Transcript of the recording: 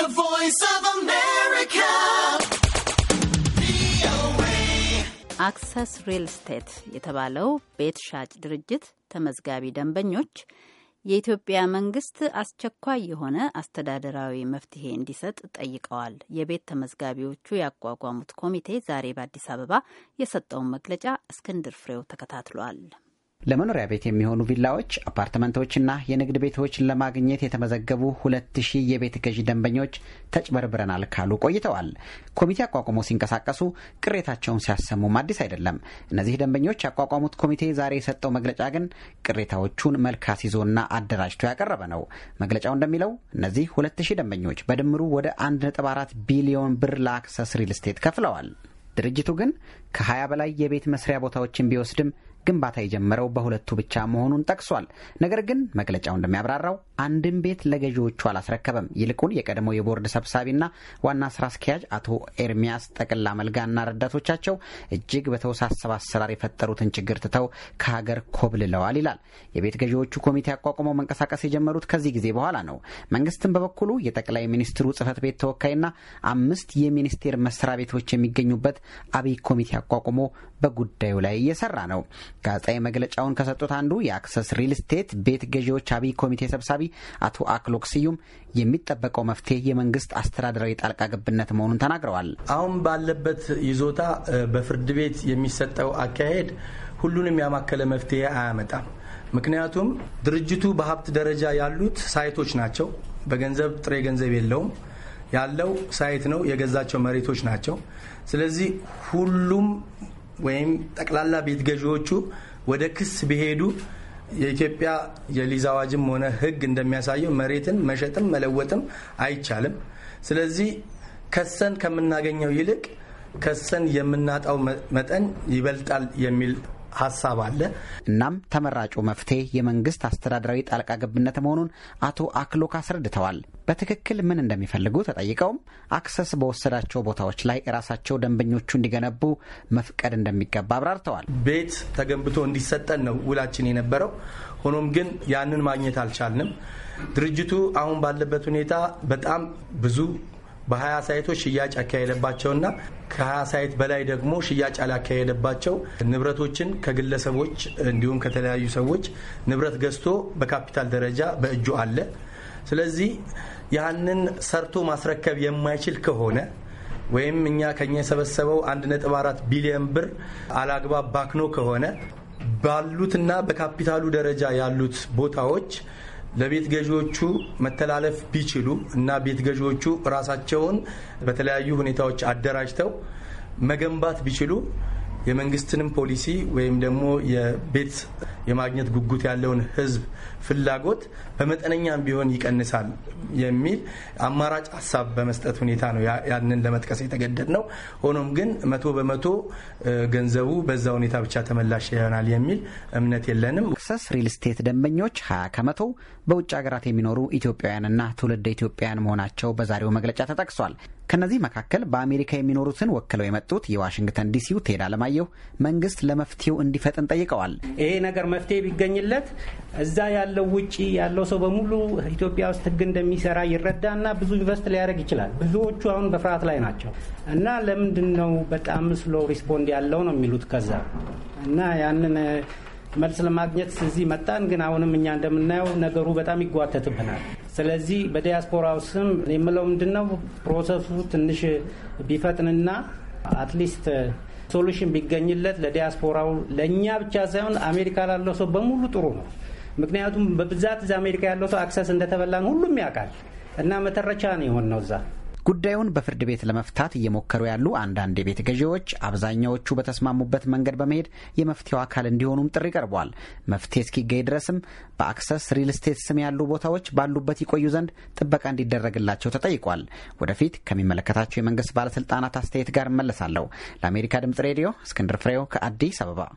The Voice of America. አክሰስ ሪል ስቴት የተባለው ቤት ሻጭ ድርጅት ተመዝጋቢ ደንበኞች የኢትዮጵያ መንግስት አስቸኳይ የሆነ አስተዳደራዊ መፍትሄ እንዲሰጥ ጠይቀዋል። የቤት ተመዝጋቢዎቹ ያቋቋሙት ኮሚቴ ዛሬ በአዲስ አበባ የሰጠውን መግለጫ እስክንድር ፍሬው ተከታትሏል። ለመኖሪያ ቤት የሚሆኑ ቪላዎች፣ አፓርትመንቶችና የንግድ ቤቶች ለማግኘት የተመዘገቡ ሁለት ሺህ የቤት ገዢ ደንበኞች ተጭበርብረናል ካሉ ቆይተዋል። ኮሚቴ አቋቁሞ ሲንቀሳቀሱ ቅሬታቸውን ሲያሰሙም አዲስ አይደለም። እነዚህ ደንበኞች ያቋቋሙት ኮሚቴ ዛሬ የሰጠው መግለጫ ግን ቅሬታዎቹን መልክ አስይዞና አደራጅቶ ያቀረበ ነው። መግለጫው እንደሚለው እነዚህ ሁለት ሺህ ደንበኞች በድምሩ ወደ 1.4 ቢሊዮን ብር ለአክሰስ ሪል ስቴት ከፍለዋል። ድርጅቱ ግን ከ20 በላይ የቤት መስሪያ ቦታዎችን ቢወስድም ግንባታ የጀመረው በሁለቱ ብቻ መሆኑን ጠቅሷል። ነገር ግን መግለጫው እንደሚያብራራው አንድም ቤት ለገዢዎቹ አላስረከበም። ይልቁን የቀድሞው የቦርድ ሰብሳቢና ዋና ስራ አስኪያጅ አቶ ኤርሚያስ ጠቅላ መልጋና ረዳቶቻቸው እጅግ በተወሳሰበ አሰራር የፈጠሩትን ችግር ትተው ከሀገር ኮብልለዋል ይላል። የቤት ገዢዎቹ ኮሚቴ አቋቁመው መንቀሳቀስ የጀመሩት ከዚህ ጊዜ በኋላ ነው። መንግስትም በበኩሉ የጠቅላይ ሚኒስትሩ ጽህፈት ቤት ተወካይና አምስት የሚኒስቴር መስሪያ ቤቶች የሚገኙበት አብይ ኮሚቴ አቋቁሞ በጉዳዩ ላይ እየሰራ ነው። ጋዜጣዊ መግለጫውን ከሰጡት አንዱ የአክሰስ ሪል ስቴት ቤት ገዢዎች አብይ ኮሚቴ ሰብሳቢ አቶ አክሎክ ስዩም የሚጠበቀው መፍትሄ የመንግስት አስተዳደራዊ ጣልቃ ገብነት መሆኑን ተናግረዋል። አሁን ባለበት ይዞታ በፍርድ ቤት የሚሰጠው አካሄድ ሁሉንም ያማከለ መፍትሄ አያመጣም። ምክንያቱም ድርጅቱ በሀብት ደረጃ ያሉት ሳይቶች ናቸው። በገንዘብ ጥሬ ገንዘብ የለውም ያለው ሳይት ነው። የገዛቸው መሬቶች ናቸው። ስለዚህ ሁሉም ወይም ጠቅላላ ቤት ገዢዎቹ ወደ ክስ ቢሄዱ የኢትዮጵያ የሊዝ አዋጅም ሆነ ሕግ እንደሚያሳየው መሬትን መሸጥም መለወጥም አይቻልም። ስለዚህ ከሰን ከምናገኘው ይልቅ ከሰን የምናጣው መጠን ይበልጣል የሚል ሀሳብ አለ። እናም ተመራጩ መፍትሄ የመንግስት አስተዳደራዊ ጣልቃ ገብነት መሆኑን አቶ አክሎክ አስረድተዋል። በትክክል ምን እንደሚፈልጉ ተጠይቀውም አክሰስ በወሰዳቸው ቦታዎች ላይ ራሳቸው ደንበኞቹ እንዲገነቡ መፍቀድ እንደሚገባ አብራርተዋል። ቤት ተገንብቶ እንዲሰጠን ነው ውላችን የነበረው። ሆኖም ግን ያንን ማግኘት አልቻልንም። ድርጅቱ አሁን ባለበት ሁኔታ በጣም ብዙ በሀያ ሳይቶች ሽያጭ ያካሄደባቸውና ከሀያ ሳይት በላይ ደግሞ ሽያጭ ያላካሄደባቸው ንብረቶችን ከግለሰቦች እንዲሁም ከተለያዩ ሰዎች ንብረት ገዝቶ በካፒታል ደረጃ በእጁ አለ። ስለዚህ ያንን ሰርቶ ማስረከብ የማይችል ከሆነ ወይም እኛ ከኛ የሰበሰበው 1.4 ቢሊዮን ብር አላግባብ ባክኖ ከሆነ ባሉትና በካፒታሉ ደረጃ ያሉት ቦታዎች ለቤት ገዢዎቹ መተላለፍ ቢችሉ እና ቤት ገዢዎቹ ራሳቸውን በተለያዩ ሁኔታዎች አደራጅተው መገንባት ቢችሉ የመንግስትንም ፖሊሲ ወይም ደግሞ የቤት የማግኘት ጉጉት ያለውን ህዝብ ፍላጎት በመጠነኛም ቢሆን ይቀንሳል የሚል አማራጭ ሀሳብ በመስጠት ሁኔታ ነው ያንን ለመጥቀስ የተገደድ ነው። ሆኖም ግን መቶ በመቶ ገንዘቡ በዛ ሁኔታ ብቻ ተመላሽ ይሆናል የሚል እምነት የለንም። ሰስ ሪል ስቴት ደንበኞች 20 ከመቶ በውጭ ሀገራት የሚኖሩ ኢትዮጵያውያንና ትውልድ ኢትዮጵያውያን መሆናቸው በዛሬው መግለጫ ተጠቅሷል። ከእነዚህ መካከል በአሜሪካ የሚኖሩትን ወክለው የመጡት የዋሽንግተን ዲሲው ቴድ አለማየሁ መንግስት ለመፍትሄው እንዲፈጥን ጠይቀዋል። ይሄ ነገር መፍትሄ ቢገኝለት እዛ ያለው ውጪ ያለው ሰው በሙሉ ኢትዮጵያ ውስጥ ህግ እንደሚሰራ ይረዳና ብዙ ኢንቨስት ሊያደርግ ይችላል። ብዙዎቹ አሁን በፍርሃት ላይ ናቸው እና ለምንድን ነው በጣም ስሎ ሪስፖንድ ያለው ነው የሚሉት ከዛ እና ያንን መልስ ለማግኘት እዚህ መጣን። ግን አሁንም እኛ እንደምናየው ነገሩ በጣም ይጓተትብናል። ስለዚህ በዲያስፖራው ስም የምለው ምንድን ነው ፕሮሰሱ ትንሽ ቢፈጥንና አትሊስት ሶሉሽን ቢገኝለት ለዲያስፖራው ለእኛ ብቻ ሳይሆን አሜሪካ ላለው ሰው በሙሉ ጥሩ ነው። ምክንያቱም በብዛት እዚ አሜሪካ ያለው ሰው አክሰስ እንደተበላን ሁሉም ያውቃል እና መተረቻ ነው የሆን ነው እዛ ጉዳዩን በፍርድ ቤት ለመፍታት እየሞከሩ ያሉ አንዳንድ የቤት ገዢዎች አብዛኛዎቹ በተስማሙበት መንገድ በመሄድ የመፍትሄው አካል እንዲሆኑም ጥሪ ቀርቧል። መፍትሄ እስኪገኝ ድረስም በአክሰስ ሪል ስቴት ስም ያሉ ቦታዎች ባሉበት ይቆዩ ዘንድ ጥበቃ እንዲደረግላቸው ተጠይቋል። ወደፊት ከሚመለከታቸው የመንግስት ባለስልጣናት አስተያየት ጋር እመለሳለሁ። ለአሜሪካ ድምጽ ሬዲዮ እስክንድር ፍሬው ከአዲስ አበባ